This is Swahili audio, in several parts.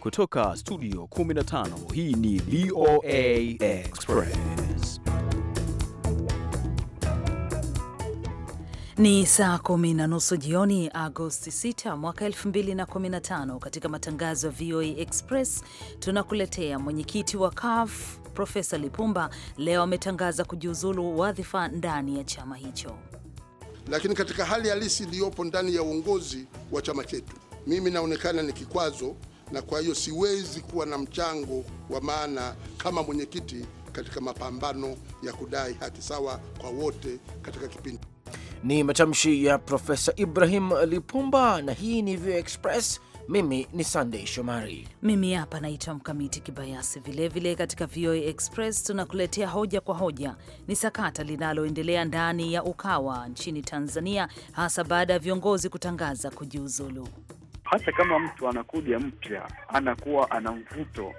Kutoka studio 15 hii ni VOA Express. Ni saa kumi na nusu jioni Agosti 6 mwaka 2015. Katika matangazo ya VOA Express tunakuletea mwenyekiti wa CUF Profesa Lipumba leo ametangaza kujiuzulu wadhifa ndani ya chama hicho, lakini katika hali halisi iliyopo ndani ya uongozi wa chama chetu mimi naonekana ni kikwazo, na kwa hiyo siwezi kuwa na mchango wa maana kama mwenyekiti katika mapambano ya kudai haki sawa kwa wote katika kipindi. Ni matamshi ya Profesa Ibrahim Lipumba, na hii ni Vio Express. Mimi ni sandey Shomari, mimi hapa naitwa Mkamiti Kibayasi. Vilevile katika VOA Express tunakuletea hoja kwa hoja. Ni sakata linaloendelea ndani ya Ukawa nchini Tanzania, hasa baada ya viongozi kutangaza kujiuzulu hata kama mtu anakuja mpya, anakuwa ana mvuto,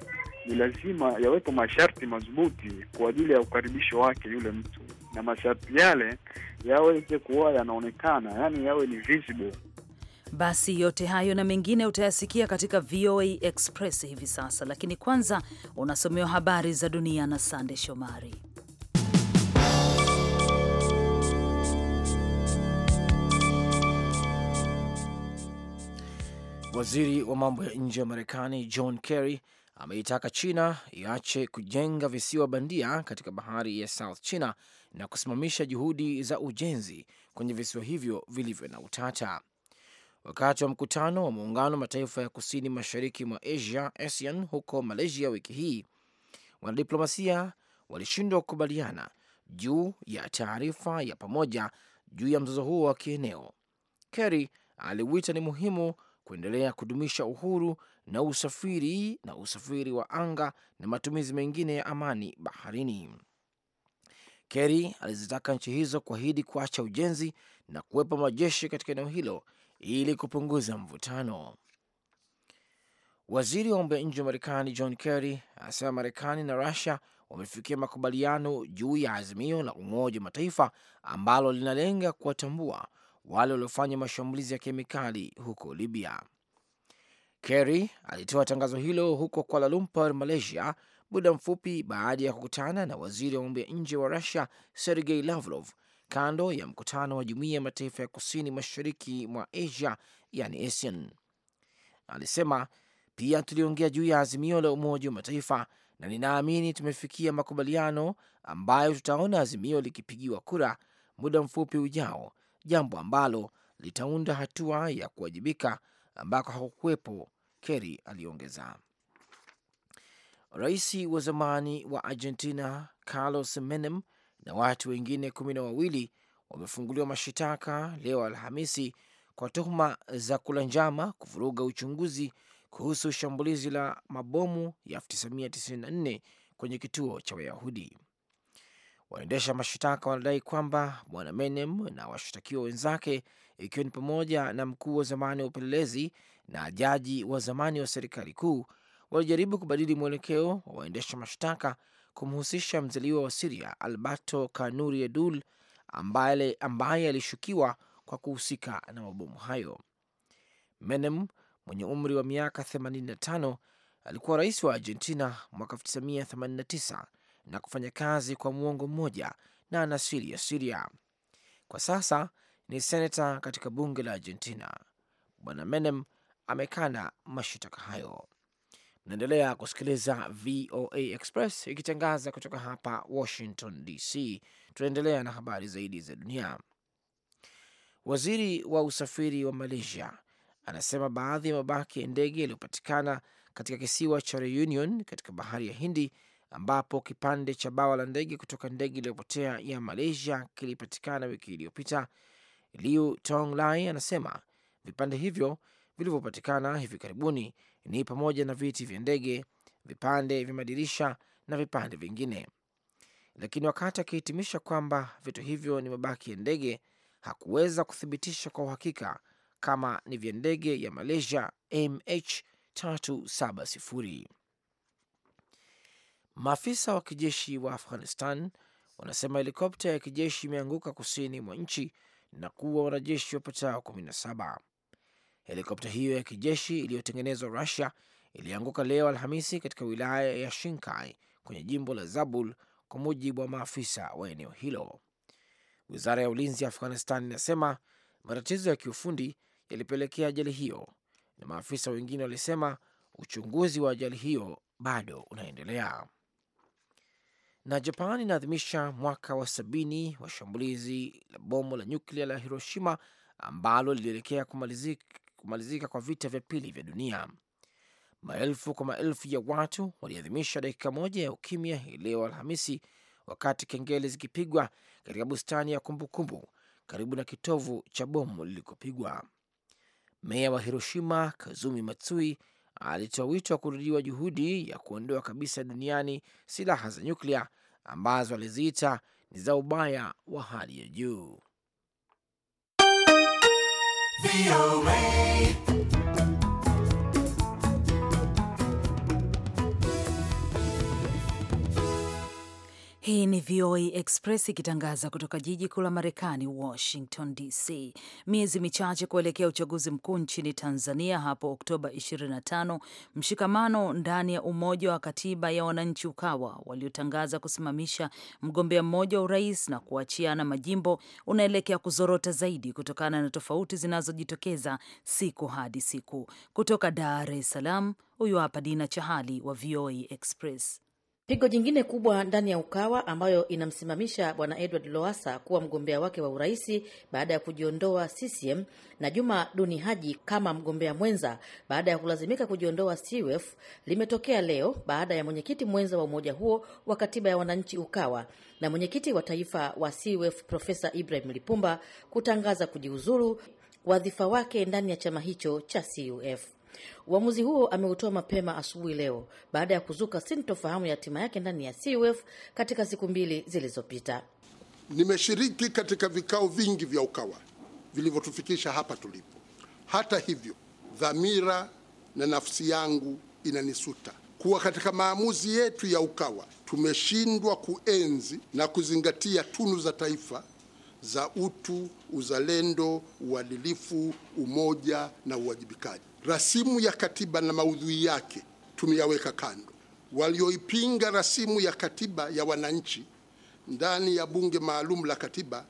ni lazima yawepo masharti madhubuti kwa ajili ya ukaribisho wake yule mtu, na masharti yale yaweze kuwa yanaonekana, yani yawe ni visible. Basi yote hayo na mengine utayasikia katika VOA Express hivi sasa, lakini kwanza unasomewa habari za dunia na Sande Shomari. Waziri wa mambo ya nje wa Marekani John Kerry ameitaka China iache kujenga visiwa bandia katika bahari ya South China na kusimamisha juhudi za ujenzi kwenye visiwa hivyo vilivyo na utata. Wakati wa mkutano wa muungano mataifa ya kusini mashariki mwa Asia ASEAN huko Malaysia wiki hii, wanadiplomasia walishindwa kukubaliana juu ya taarifa ya pamoja juu ya mzozo huo wa kieneo. Kerry aliwita ni muhimu kuendelea kudumisha uhuru na usafiri na usafiri wa anga na matumizi mengine ya amani baharini. Kerry alizitaka nchi hizo kuahidi kuacha ujenzi na kuwepo majeshi katika eneo hilo ili kupunguza mvutano. Waziri wa mambo ya nje wa Marekani John Kerry anasema Marekani na Rusia wamefikia makubaliano juu ya azimio la Umoja wa Mataifa ambalo linalenga kuwatambua wale waliofanya mashambulizi ya kemikali huko Libya. Kerry alitoa tangazo hilo huko Kuala Lumpur, Malaysia, muda mfupi baada ya kukutana na waziri wa mambo ya nje wa Rusia Sergei Lavrov kando ya mkutano wa Jumuiya ya Mataifa ya Kusini Mashariki mwa Asia, yani ASEAN. Alisema pia, tuliongea juu ya azimio la Umoja wa Mataifa na ninaamini tumefikia makubaliano ambayo tutaona azimio likipigiwa kura muda mfupi ujao jambo ambalo litaunda hatua ya kuwajibika ambako hakukuwepo, Kerry aliongeza. Rais wa zamani wa Argentina Carlos Menem na watu wengine kumi na wawili wamefunguliwa mashitaka leo Alhamisi kwa tuhuma za kula njama kuvuruga uchunguzi kuhusu shambulizi la mabomu ya 1994 kwenye kituo cha Wayahudi. Waendesha mashtaka wanadai kwamba bwana Menem na washtakiwa wenzake, ikiwa ni pamoja na mkuu wa zamani wa upelelezi na jaji wa zamani wa serikali kuu, walijaribu kubadili mwelekeo wa waendesha mashtaka kumhusisha mzaliwa wa Siria Alberto Kanuri Edul ambaye, ambaye alishukiwa kwa kuhusika na mabomu hayo. Menem mwenye umri wa miaka 85 alikuwa rais wa Argentina mwaka 1989 na kufanya kazi kwa muongo mmoja na ana asili ya Siria. Kwa sasa ni senata katika bunge la Argentina. Bwana Menem amekana mashitaka hayo. Naendelea kusikiliza VOA Express ikitangaza kutoka hapa Washington DC. Tunaendelea na habari zaidi za dunia. Waziri wa usafiri wa Malaysia anasema baadhi ya mabaki ya ndege yaliyopatikana katika kisiwa cha Reunion katika bahari ya Hindi ambapo kipande cha bawa la ndege kutoka ndege iliyopotea ya Malaysia kilipatikana wiki iliyopita. Liu tong Lai anasema vipande hivyo vilivyopatikana hivi karibuni ni pamoja na viti vya ndege, vipande vya madirisha na vipande vingine, lakini wakati akihitimisha kwamba vitu hivyo ni mabaki ya ndege, hakuweza kuthibitisha kwa uhakika kama ni vya ndege ya Malaysia MH370. Maafisa wa kijeshi wa Afghanistan wanasema helikopta ya kijeshi imeanguka kusini mwa nchi na kuwa wanajeshi wapatao 17. Helikopta hiyo ya kijeshi iliyotengenezwa Rusia ilianguka leo Alhamisi katika wilaya ya Shinkai kwenye jimbo la Zabul, kwa mujibu wa maafisa wa eneo hilo. Wizara ya ulinzi ya Afghanistan inasema matatizo ya kiufundi yalipelekea ajali hiyo, na maafisa wengine walisema uchunguzi wa ajali hiyo bado unaendelea. Na Japan inaadhimisha mwaka wa sabini wa shambulizi la bomu la nyuklia la Hiroshima ambalo lilielekea kumalizika, kumalizika kwa vita vya pili vya dunia. Maelfu kwa maelfu ya watu waliadhimisha dakika moja ya ukimya hii leo Alhamisi, wakati kengele zikipigwa katika bustani ya kumbukumbu kumbu, karibu na kitovu cha bomu lilikopigwa. Meya wa Hiroshima Kazumi Matsui alitoa wito wa kurudiwa juhudi ya kuondoa kabisa duniani silaha za nyuklia ambazo aliziita ni za ubaya wa hali ya juu. Hii ni VOA Express ikitangaza kutoka jiji kuu la Marekani, Washington DC. Miezi michache kuelekea uchaguzi mkuu nchini Tanzania hapo Oktoba 25, mshikamano ndani ya Umoja wa Katiba ya Wananchi Ukawa waliotangaza kusimamisha mgombea mmoja wa urais na kuachiana majimbo unaelekea kuzorota zaidi kutokana na tofauti zinazojitokeza siku hadi siku. Kutoka Dar es Salaam, huyu hapa Dina Chahali wa VOA Express. Pigo jingine kubwa ndani ya Ukawa ambayo inamsimamisha bwana Edward loasa kuwa mgombea wake wa uraisi baada ya kujiondoa CCM na Juma Duni Haji kama mgombea mwenza baada ya kulazimika kujiondoa CUF limetokea leo baada ya mwenyekiti mwenza wa umoja huo wa katiba ya wananchi Ukawa na mwenyekiti wa taifa wa CUF Profesa Ibrahim Lipumba kutangaza kujiuzuru wadhifa wake ndani ya chama hicho cha CUF. Uamuzi huo ameutoa mapema asubuhi leo baada ya kuzuka sintofahamu ya hatima yake ndani ya CUF katika siku mbili zilizopita. Nimeshiriki katika vikao vingi vya UKAWA vilivyotufikisha hapa tulipo. Hata hivyo, dhamira na nafsi yangu inanisuta kuwa katika maamuzi yetu ya UKAWA tumeshindwa kuenzi na kuzingatia tunu za taifa za utu, uzalendo, uadilifu, umoja na uwajibikaji. Rasimu ya katiba na maudhui yake tumeyaweka kando. Walioipinga rasimu ya katiba ya wananchi ndani ya bunge maalum la katiba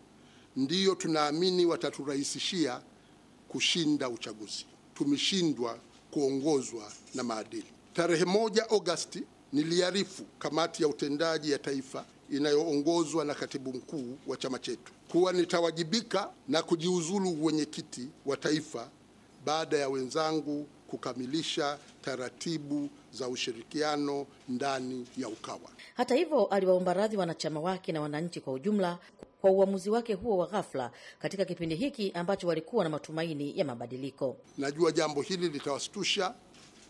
ndiyo tunaamini wataturahisishia kushinda uchaguzi. Tumeshindwa kuongozwa na maadili. Tarehe moja Agosti niliarifu kamati ya utendaji ya taifa inayoongozwa na katibu mkuu wa chama chetu kuwa nitawajibika na kujiuzulu wenyekiti wa taifa baada ya wenzangu kukamilisha taratibu za ushirikiano ndani ya UKAWA. Hata hivyo, aliwaomba radhi wanachama wake na wananchi kwa ujumla kwa uamuzi wake huo wa ghafla katika kipindi hiki ambacho walikuwa na matumaini ya mabadiliko. Najua jambo hili litawastusha,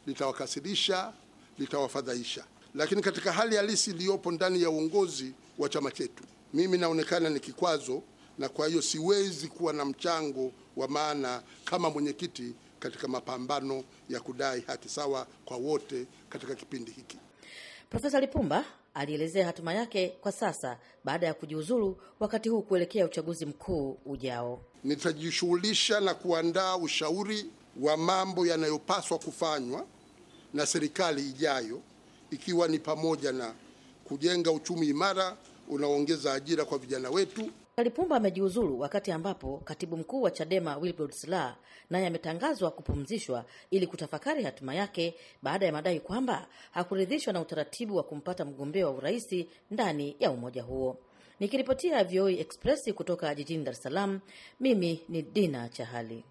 litawakasirisha, litawafadhaisha lakini katika hali halisi iliyopo ndani ya uongozi wa chama chetu, mimi naonekana ni kikwazo, na kwa hiyo siwezi kuwa na mchango wa maana kama mwenyekiti katika mapambano ya kudai haki sawa kwa wote katika kipindi hiki. Profesa Lipumba alielezea hatima yake kwa sasa baada ya kujiuzulu, wakati huu kuelekea uchaguzi mkuu ujao. Nitajishughulisha na kuandaa ushauri wa mambo yanayopaswa kufanywa na serikali ijayo ikiwa ni pamoja na kujenga uchumi imara unaoongeza ajira kwa vijana wetu. kalipumba amejiuzulu wakati ambapo katibu mkuu wa Chadema Wilbrod Slaa naye ametangazwa kupumzishwa ili kutafakari hatima yake baada ya madai kwamba hakuridhishwa na utaratibu wa kumpata mgombea wa urais ndani ya umoja huo. Nikiripotia VOA e Express kutoka jijini Dar es Salaam, mimi ni Dina Chahali.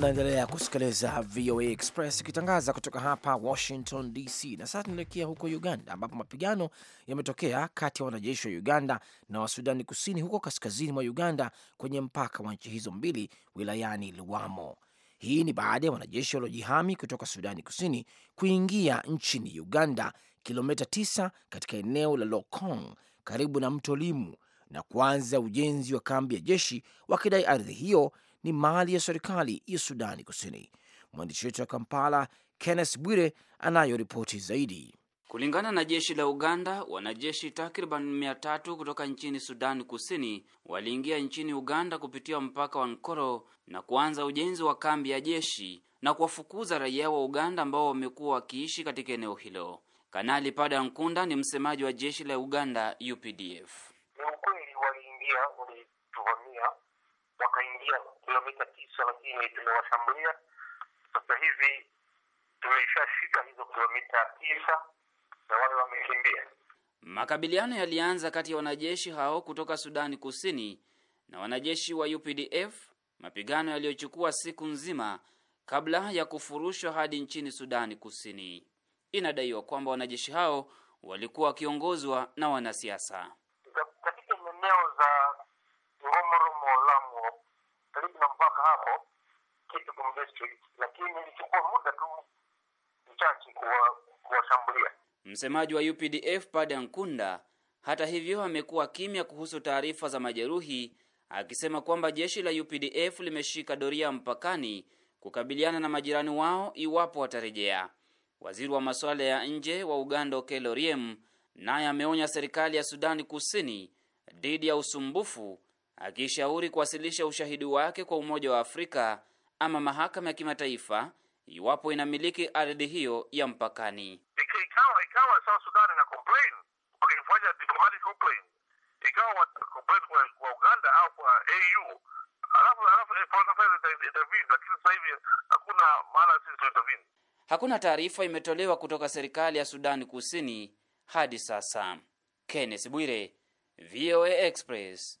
Mnaendelea kusikiliza VOA Express ikitangaza kutoka hapa Washington DC, na sasa tunaelekea huko Uganda ambapo mapigano yametokea kati ya wanajeshi wa Uganda na wa Sudani Kusini huko kaskazini mwa Uganda kwenye mpaka wa nchi hizo mbili wilayani Luwamo. Hii ni baada ya wanajeshi waliojihami kutoka Sudani Kusini kuingia nchini Uganda kilomita 9 katika eneo la Lokong karibu na mto Limu na kuanza ujenzi wa kambi ya jeshi wakidai ardhi hiyo ni mali ya serikali ya Sudani Kusini. Mwandishi wetu wa Kampala, Kenneth Bwire, anayo ripoti zaidi. Kulingana na jeshi la Uganda, wanajeshi takriban mia tatu kutoka nchini Sudani Kusini waliingia nchini Uganda kupitia mpaka wa Nkoro na kuanza ujenzi wa kambi ya jeshi na kuwafukuza raia wa Uganda ambao wamekuwa wakiishi katika eneo hilo. Kanali Pada Nkunda ni msemaji wa jeshi la Uganda UPDF. Ni ukweli waliingia, walituvamia wakaingia kilomita tisa, lakini tumewashambulia. Sasa hivi tumeshashika hizo kilomita tisa na wale wamekimbia. Makabiliano yalianza kati ya wanajeshi hao kutoka Sudani Kusini na wanajeshi wa UPDF, mapigano yaliyochukua siku nzima kabla ya kufurushwa hadi nchini Sudani Kusini. Inadaiwa kwamba wanajeshi hao walikuwa wakiongozwa na wanasiasa. mpaka hapo Kitgum District, lakini ilichukua muda tu mchache kuwashambulia. Msemaji wa UPDF Pade Nkunda hata hivyo amekuwa kimya kuhusu taarifa za majeruhi, akisema kwamba jeshi la UPDF limeshika doria mpakani kukabiliana na majirani wao iwapo watarejea. Waziri wa masuala ya nje wa Uganda Okello Oryem naye ameonya serikali ya Sudani Kusini dhidi ya usumbufu akishauri kuwasilisha ushahidi wake kwa Umoja wa Afrika ama mahakama ya kimataifa iwapo inamiliki ardhi hiyo ya mpakani. Ikawa ikawa South Sudan ina complain wakifanya diplomatic complain, ikawa complain kwa Uganda au kwa AU alafu alafu intervene, eh, lakini sasa hivi hakuna maana sisi Hakuna taarifa imetolewa kutoka serikali ya Sudani Kusini hadi sasa. Kenneth Bwire, VOA Express.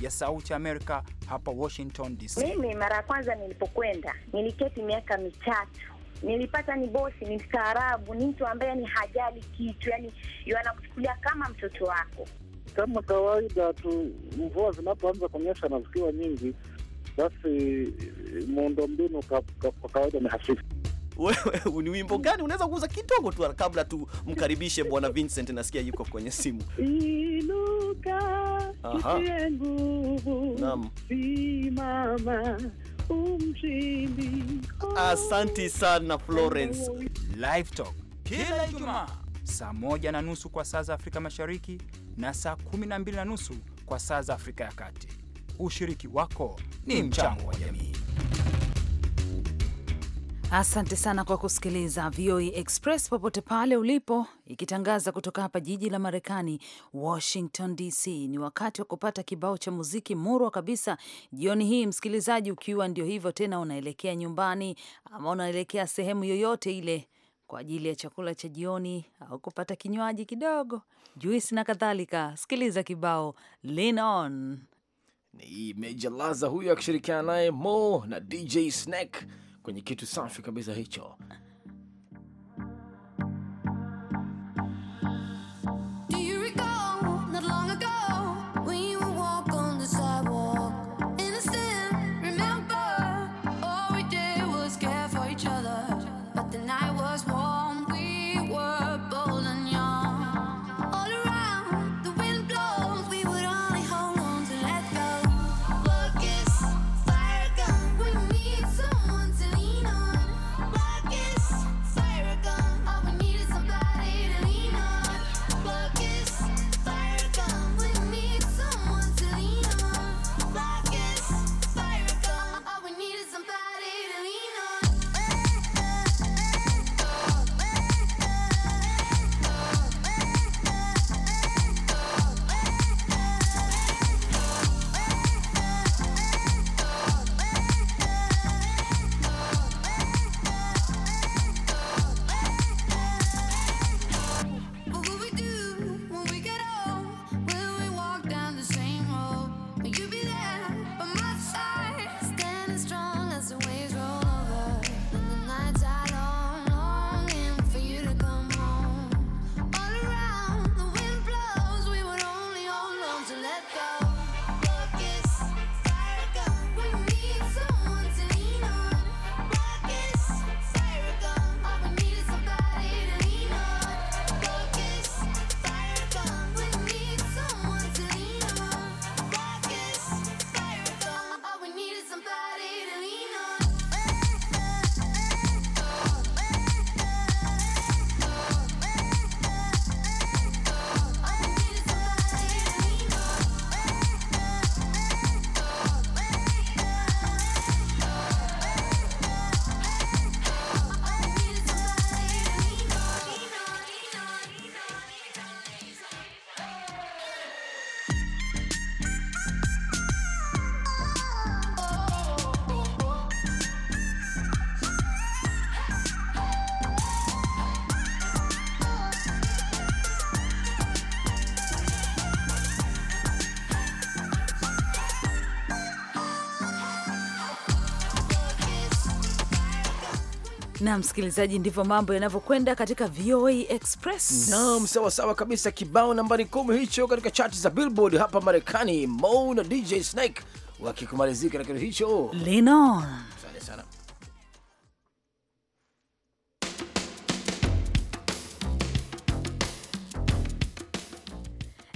ya Sauti Amerika hapa Washington DC. Mimi mara ya kwanza nilipokwenda niliketi miaka mitatu nilipata ni bosi, ni mstaarabu, ni mtu ambaye ni hajali kitu, yani anakuchukulia kama mtoto wako. Kama kawaida tu, mvua zinapoanza kunyesha na zikiwa nyingi, basi eh, muundombinu kwa kawaida ni hafifu wewe ni wimbo gani unaweza kuuza kidogo tu kabla tumkaribishe bwana Vincent, nasikia yuko kwenye simu. Inuka utie nguvu, simama umshindi. Asanti sana Florence. Live Talk kila Ijumaa saa moja na nusu kwa saa za Afrika Mashariki na saa kumi na mbili na nusu kwa saa za Afrika ya Kati. Ushiriki wako ni mchango wa jamii. Asante sana kwa kusikiliza VOA e Express popote pale ulipo, ikitangaza kutoka hapa jiji la Marekani, Washington DC. Ni wakati wa kupata kibao cha muziki murwa kabisa jioni hii, msikilizaji, ukiwa ndio hivyo tena unaelekea nyumbani ama unaelekea sehemu yoyote ile kwa ajili ya chakula cha jioni au kupata kinywaji kidogo, juisi na kadhalika. Sikiliza kibao Lean On, ni Meja Laza huyo akishirikiana naye Mo na DJ Snake kwenye kitu safi kabisa hicho na msikilizaji, ndivyo mambo yanavyokwenda katika VOA Express. Naam, sawasawa kabisa. Kibao nambari kumi hicho katika chati za Billboard hapa Marekani, Mo na DJ Snake wakikumalizika na kitu hicho lino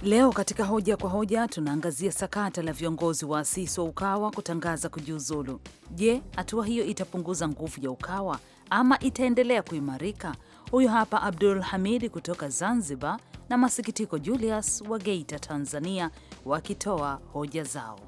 Leo katika hoja kwa hoja tunaangazia sakata la viongozi wa asisi wa UKAWA kutangaza kujiuzulu. Je, hatua hiyo itapunguza nguvu ya UKAWA ama itaendelea kuimarika? Huyu hapa Abdul Hamidi kutoka Zanzibar na Masikitiko Julius wa Geita, Tanzania, wakitoa hoja zao.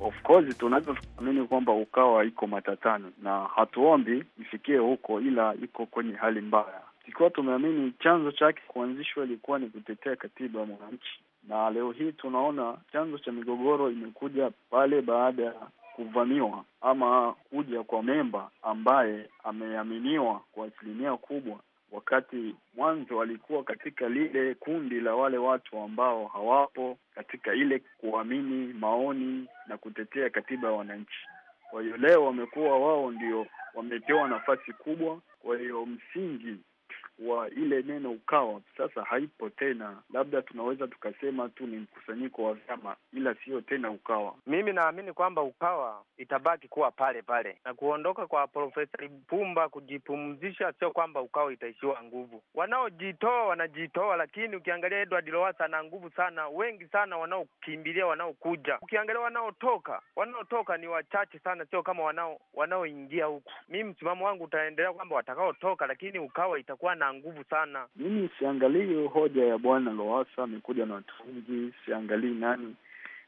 Of course tunavyoamini kwamba UKAWA iko matatani na hatuombi ifikie huko, ila iko kwenye hali mbaya. Tukiwa tumeamini chanzo chake kuanzishwa ilikuwa ni kutetea katiba ya mwananchi, na leo hii tunaona chanzo cha migogoro imekuja pale baada ya kuvamiwa ama kuja kwa memba ambaye ameaminiwa kwa asilimia kubwa, wakati mwanzo alikuwa katika lile kundi la wale watu ambao hawapo katika ile kuamini maoni na kutetea katiba ya wananchi. Kwa hiyo leo wamekuwa wao ndio wamepewa nafasi kubwa, kwa hiyo msingi wa ile neno UKAWA sasa haipo tena, labda tunaweza tukasema tu ni mkusanyiko wa vyama, ila siyo tena UKAWA. Mimi naamini kwamba UKAWA itabaki kuwa pale pale, na kuondoka kwa Profesa Lipumba kujipumzisha, sio kwamba UKAWA itaishiwa nguvu. Wanaojitoa wanajitoa, lakini ukiangalia Edward Lowassa ana nguvu sana, wengi sana wanaokimbilia, wanaokuja. Ukiangalia wanaotoka, wanaotoka ni wachache sana, sio kama wanao wanaoingia huku. Mimi msimamo wangu utaendelea kwamba watakaotoka, lakini UKAWA itakuwa na na nguvu sana. Mimi siangalii hoja ya bwana loasa amekuja na watu wengi, siangalii nani.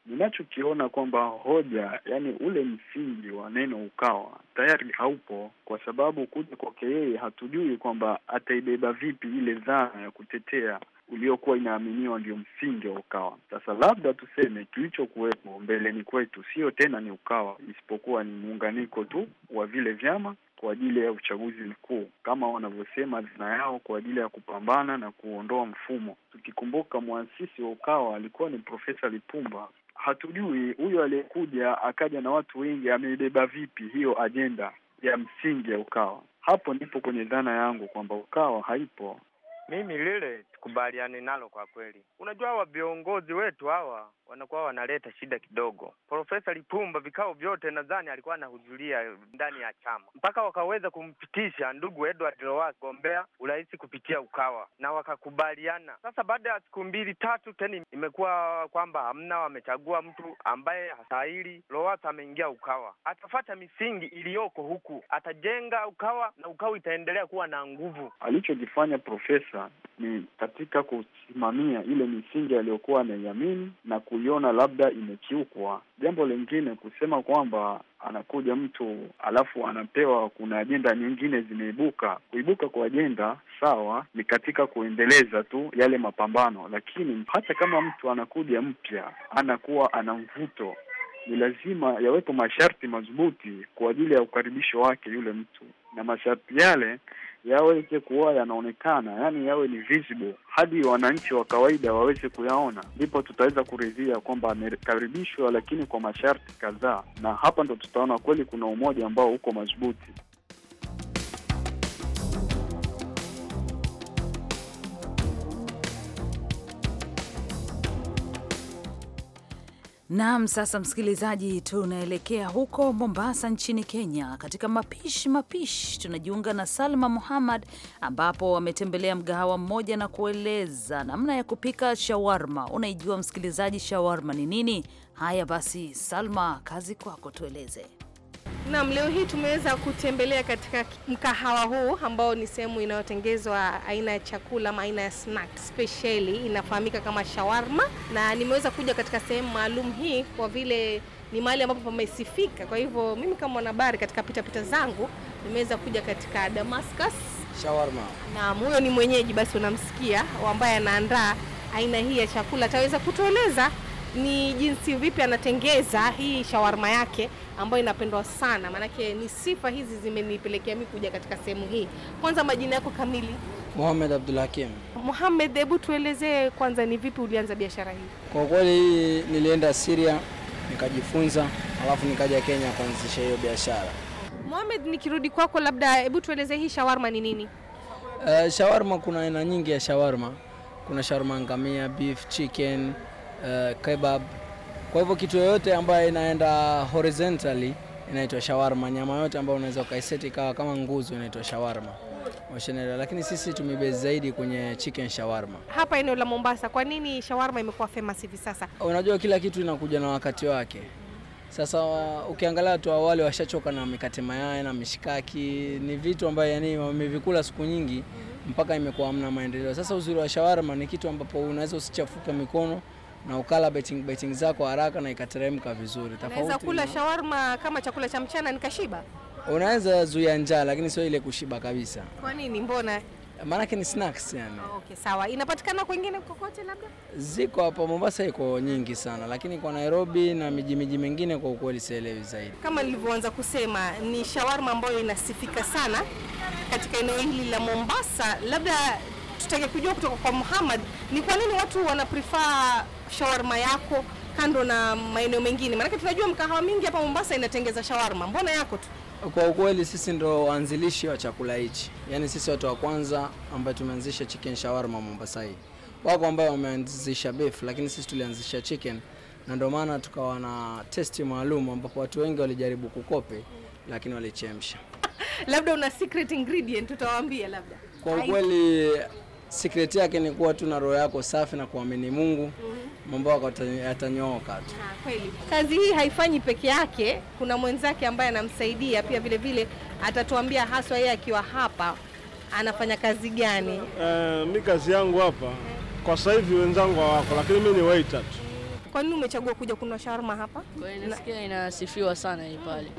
Ninachokiona kwamba hoja, yani ule msingi wa neno ukawa tayari haupo, kwa sababu kuja kwake yeye hatujui kwamba ataibeba vipi ile dhana ya kutetea uliokuwa inaaminiwa ndio msingi wa Ukawa. Sasa labda tuseme kilichokuwepo mbeleni kwetu sio tena ni Ukawa, isipokuwa ni muunganiko tu wa vile vyama kwa ajili ya uchaguzi mkuu kama wanavyosema dhana yao, kwa ajili ya kupambana na kuondoa mfumo. Tukikumbuka mwasisi wa Ukawa alikuwa ni Profesa Lipumba. Hatujui huyo aliyekuja akaja na watu wengi ameibeba vipi hiyo ajenda ya msingi ya Ukawa. Hapo ndipo kwenye dhana yangu kwamba Ukawa haipo. Mimi lile sikubaliani nalo kwa kweli. Unajua, hawa viongozi wetu hawa wanakuwa wanaleta shida kidogo. Profesa Lipumba vikao vyote nadhani alikuwa anahudhuria ndani ya chama mpaka wakaweza kumpitisha ndugu Edward Lowassa gombea urais kupitia Ukawa na wakakubaliana. Sasa baada ya siku mbili tatu tena imekuwa kwamba hamna, wamechagua mtu ambaye hastahili. Lowassa ameingia Ukawa, atafata misingi iliyoko huku, atajenga Ukawa na Ukawa itaendelea kuwa na nguvu. Alichokifanya profesa ni katika kusimamia ile misingi aliyokuwa anaiamini na kuiona labda imekiukwa. Jambo lingine kusema kwamba anakuja mtu alafu anapewa, kuna ajenda nyingine zimeibuka. Kuibuka kwa ajenda sawa, ni katika kuendeleza tu yale mapambano, lakini hata kama mtu anakuja mpya, anakuwa ana mvuto ni lazima yawepo masharti madhubuti kwa ajili ya ukaribisho wake yule mtu, na masharti yale yaweze kuwa yanaonekana, yani yawe ni visible, hadi wananchi wa kawaida waweze kuyaona, ndipo tutaweza kuridhia kwamba amekaribishwa, lakini kwa masharti kadhaa, na hapa ndo tutaona kweli kuna umoja ambao uko madhubuti. Naam, sasa msikilizaji, tunaelekea huko Mombasa nchini Kenya. Katika mapishi mapishi, tunajiunga na Salma Muhammad ambapo wametembelea mgahawa mmoja na kueleza namna ya kupika shawarma. Unaijua msikilizaji, shawarma ni nini? Haya basi, Salma, kazi kwako, tueleze. Naam, leo hii tumeweza kutembelea katika mkahawa huu ambao ni sehemu inayotengezwa aina ya chakula ama aina ya snack specially inafahamika kama shawarma, na nimeweza kuja katika sehemu maalum hii kwa vile ni mahali ambapo pamesifika. Kwa hivyo mimi kama mwanahabari katika pitapita pita zangu nimeweza kuja katika Damascus Shawarma. Naam, huyo ni mwenyeji, basi unamsikia, ambaye anaandaa aina hii ya chakula ataweza kutueleza ni jinsi vipi anatengeza hii shawarma yake ambayo inapendwa sana, maanake ni sifa hizi zimenipelekea mimi kuja katika sehemu hii. Kwanza, majina yako kamili? Mohamed Abdul Hakim. Mohamed, hebu tuelezee kwanza ni vipi ulianza biashara hii? Kwa kweli nilienda Syria nikajifunza, alafu nikaja Kenya kuanzisha hiyo biashara. Mohamed, nikirudi kwako, labda hebu tuelezee hii shawarma ni nini? Uh, shawarma kuna aina nyingi ya shawarma. Kuna shawarma ngamia, beef, chicken uh, kebab. Kwa hivyo kitu yoyote ambayo inaenda horizontally inaitwa shawarma. Nyama yote ambayo unaweza ukaiseti ikawa kama nguzo inaitwa shawarma washenera, lakini sisi tumebase zaidi kwenye chicken shawarma hapa eneo la Mombasa. Kwa nini shawarma imekuwa famous hivi sasa? Unajua, kila kitu inakuja na wakati wake. Sasa uh, ukiangalia tu awali washachoka na mikate mayai na mishikaki, ni vitu ambayo yani wamevikula siku nyingi mpaka imekuwa hamna maendeleo. Sasa uzuri wa shawarma ni kitu ambapo unaweza usichafuke mikono na ukala betting, betting zako haraka na ikateremka vizuri. Tofauti unaweza kula shawarma kama chakula cha mchana nikashiba, unaweza zuia njaa, lakini sio ile kushiba kabisa. Kwa nini? Mbona? Maanake ni snacks yani. Okay, sawa. Inapatikana kwingine kokote labda? Ziko hapo Mombasa iko nyingi sana, lakini kwa Nairobi na miji miji mingine kwa ukweli sielewi zaidi. Kama nilivyoanza kusema ni shawarma ambayo inasifika sana katika eneo hili la Mombasa. Labda tutake kujua kutoka kwa Muhammad ni kwa nini watu prefer shawarma yako kando na maeneo mengine? Maanake tunajua mkahawa mingi hapa Mombasa inatengeza shawarma, mbona yako tu? Kwa ukweli sisi ndo waanzilishi wa chakula hichi, yaani sisi watu wa kwanza ambao tumeanzisha chicken shawarma Mombasa hii. Wako ambao wameanzisha beef, lakini sisi tulianzisha chicken, na ndio maana tukawa na testi maalum ambapo watu wengi walijaribu kukope, lakini walichemsha. Labda una secret ingredient utawaambia? labda. Kwa ukweli secret yake ni kuwa tu na roho yako safi na kuamini Mungu. mm -hmm mambo yako yatanyooka tu. Ah, kweli kazi hii haifanyi peke yake, kuna mwenzake ambaye anamsaidia pia vile vile. Atatuambia haswa yeye akiwa hapa anafanya kazi gani. Eh, mi kazi yangu hapa kwa sasa hivi wenzangu hawako, lakini mi ni waiter tu. Kwa nini umechagua kuja kununua shawarma hapa? Nasikia inasifiwa sana hii pale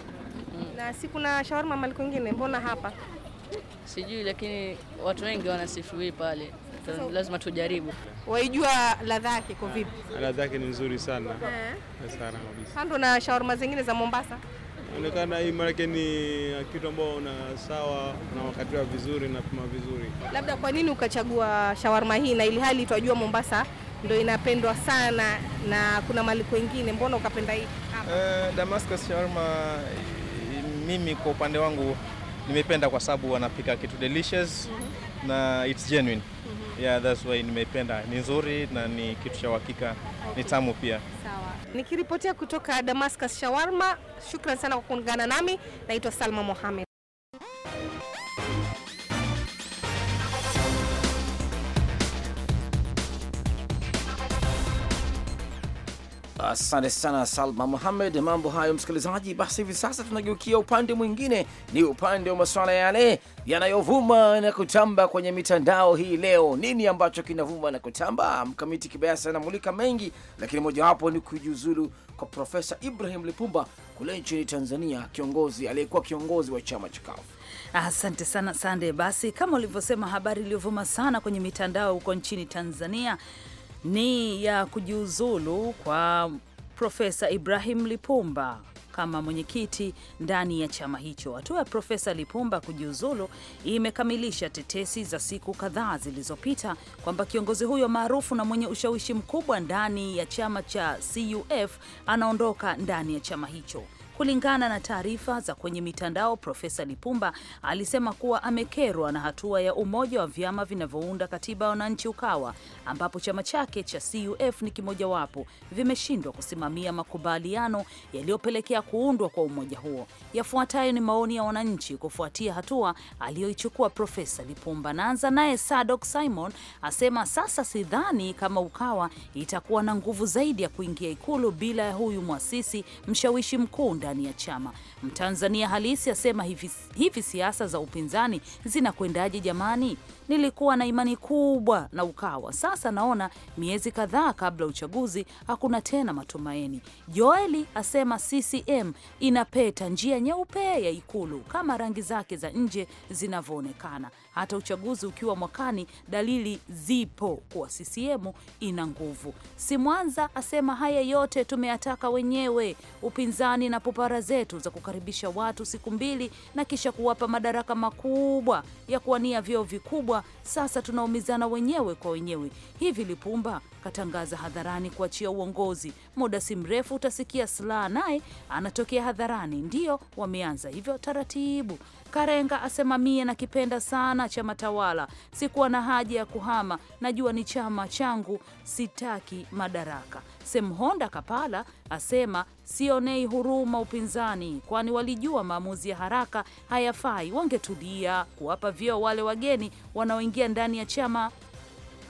mm. Na si kuna shawarma mali kwingine, mbona hapa sijui, lakini watu wengi wanasifiwa hii pale so, lazima tujaribu. Waijua ladha yake iko vipi? Ladha yake ni nzuri sana eh. sana kabisa, kando na shawarma zingine za Mombasa onekana hii maanake ni kitu ambao una sawa na wakatiwa vizuri na pima vizuri. Labda kwa nini ukachagua shawarma hii na ili hali twajua Mombasa ndo inapendwa sana na kuna mali kwengine, mbona ukapenda hii? Uh, Damascus shawarma mimi kwa upande wangu nimependa kwa sababu wanapika kitu delicious mm -hmm. na it's genuine mm -hmm. Yeah, that's why nimeipenda. Ni nzuri na ni kitu cha uhakika. Okay. Ni tamu pia. Sawa. Nikiripotia kutoka Damascus Shawarma, shukrani sana kwa kuungana nami. Naitwa Salma Mohamed. Asante sana Salma Muhamed, mambo hayo msikilizaji. Basi hivi sasa tunageukia upande mwingine, ni upande wa masuala yale yanayovuma na kutamba kwenye mitandao hii leo. Nini ambacho kinavuma na kutamba? Mkamiti Kibayasi anamulika mengi, lakini mojawapo ni kujiuzulu kwa Profesa Ibrahim Lipumba kule nchini Tanzania, kiongozi aliyekuwa kiongozi wa chama cha CUF. Asante sana Sande. Basi kama ulivyosema, habari iliyovuma sana kwenye mitandao huko nchini Tanzania ni ya kujiuzulu kwa Profesa Ibrahim Lipumba kama mwenyekiti ndani ya chama hicho. Hatua ya Profesa Lipumba kujiuzulu imekamilisha tetesi za siku kadhaa zilizopita kwamba kiongozi huyo maarufu na mwenye ushawishi mkubwa ndani ya chama cha CUF anaondoka ndani ya chama hicho. Kulingana na taarifa za kwenye mitandao, Profesa Lipumba alisema kuwa amekerwa na hatua ya umoja wa vyama vinavyounda katiba ya wananchi Ukawa, ambapo chama chake cha CUF ni kimojawapo vimeshindwa kusimamia makubaliano yaliyopelekea kuundwa kwa umoja huo. Yafuatayo ni maoni ya wananchi kufuatia hatua aliyoichukua Profesa Lipumba. Naanza naye Sadok Simon asema, sasa sidhani kama Ukawa itakuwa na nguvu zaidi ya kuingia Ikulu bila ya huyu mwasisi mshawishi mkuu ndani ya chama. Mtanzania halisi asema hivi, hivi siasa za upinzani zinakwendaje jamani? nilikuwa na imani kubwa na Ukawa. Sasa naona miezi kadhaa kabla uchaguzi hakuna tena matumaini. Joeli asema CCM inapeta njia nyeupe ya Ikulu kama rangi zake za nje zinavyoonekana. Hata uchaguzi ukiwa mwakani, dalili zipo kuwa CCM ina nguvu. Simwanza asema haya yote tumeyataka wenyewe, upinzani na popara zetu za kukaribisha watu siku mbili na kisha kuwapa madaraka makubwa ya kuwania vyeo vikubwa sasa tunaumizana wenyewe kwa wenyewe. Hivi Lipumba katangaza hadharani kuachia uongozi, muda si mrefu utasikia Slaa naye anatokea hadharani. Ndio wameanza hivyo taratibu, Karenga asema mie nakipenda sana chama tawala, sikuwa na haja ya kuhama, najua ni chama changu, sitaki madaraka. Semhonda Kapala asema sionei huruma upinzani, kwani walijua maamuzi ya haraka hayafai, wangetulia kuwapa vyeo wale wageni wanaoingia ndani ya chama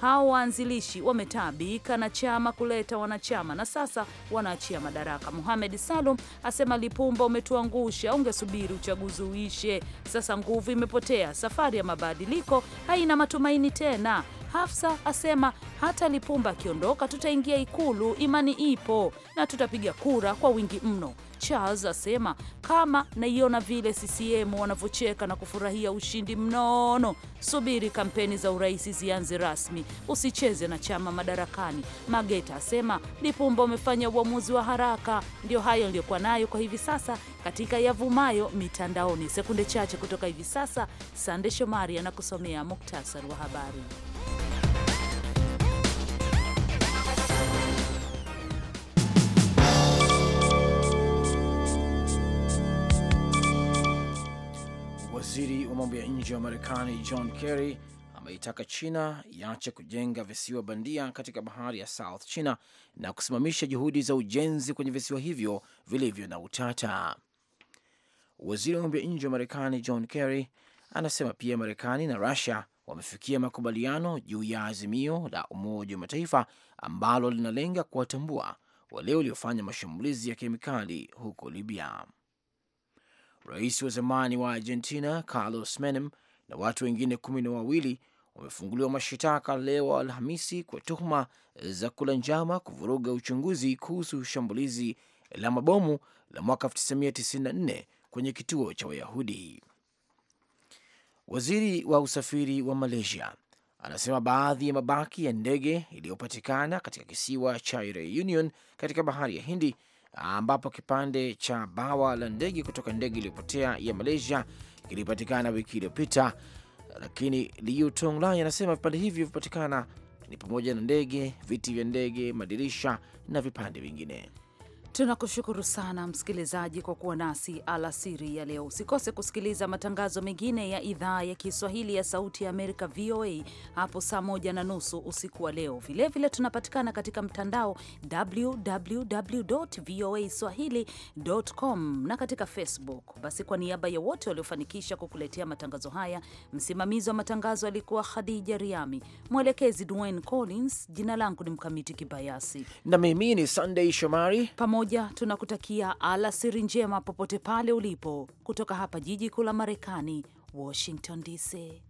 hao waanzilishi wametaabika na chama kuleta wanachama na sasa wanaachia madaraka. muhamed Salum asema Lipumba, umetuangusha, ungesubiri uchaguzi uishe. Sasa nguvu imepotea, safari ya mabadiliko haina matumaini tena. Hafsa asema hata Lipumba akiondoka, tutaingia Ikulu, imani ipo na tutapiga kura kwa wingi mno. Charles asema kama naiona vile CCM wanavyocheka na kufurahia ushindi mnono, subiri kampeni za urais zianze rasmi, usicheze na chama madarakani. Mageta asema Lipumba umefanya uamuzi wa haraka. Ndio hayo niliyokuwa nayo kwa hivi sasa katika yavumayo mitandaoni. Sekunde chache kutoka hivi sasa, Sande Shomari anakusomea muktasari wa habari. Waziri wa mambo ya nje wa Marekani John Kerry ameitaka China iache kujenga visiwa bandia katika bahari ya South China na kusimamisha juhudi za ujenzi kwenye visiwa hivyo vilivyo na utata. Waziri wa mambo ya nje wa Marekani John Kerry anasema pia Marekani na rasia wamefikia makubaliano juu ya azimio la Umoja wa Mataifa ambalo linalenga kuwatambua wale waliofanya mashambulizi ya kemikali huko Libya rais wa zamani wa Argentina Carlos Menem na watu wengine kumi na wawili wamefunguliwa mashitaka leo Alhamisi kwa tuhuma za kula njama kuvuruga uchunguzi kuhusu shambulizi la mabomu la mwaka 1994 kwenye kituo cha Wayahudi. Waziri wa usafiri wa Malaysia anasema baadhi ya mabaki ya ndege iliyopatikana katika kisiwa cha Reunion katika bahari ya Hindi ambapo kipande cha bawa la ndege kutoka ndege iliyopotea ya Malaysia kilipatikana wiki iliyopita. Lakini Liu Tonglan anasema vipande hivyo vipatikana ni pamoja na ndege, viti vya ndege, madirisha na vipande vingine. Tunakushukuru sana msikilizaji kwa kuwa nasi alasiri ya leo. Usikose kusikiliza matangazo mengine ya idhaa ya Kiswahili ya Sauti ya Amerika, VOA, hapo saa moja na nusu usiku wa leo. Vilevile vile tunapatikana katika mtandao www voa swahili.com na katika Facebook. Basi, kwa niaba ya wote waliofanikisha kukuletea matangazo haya, msimamizi wa matangazo alikuwa Khadija Riami, mwelekezi Dwayne Collins. Jina langu ni Mkamiti Kibayasi na mimi ni Sunday Shomari pamoja pamoja tunakutakia alasiri njema popote pale ulipo, kutoka hapa jiji kuu la Marekani, Washington DC.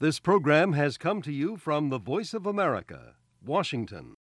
This program has come to you from the Voice of America, Washington.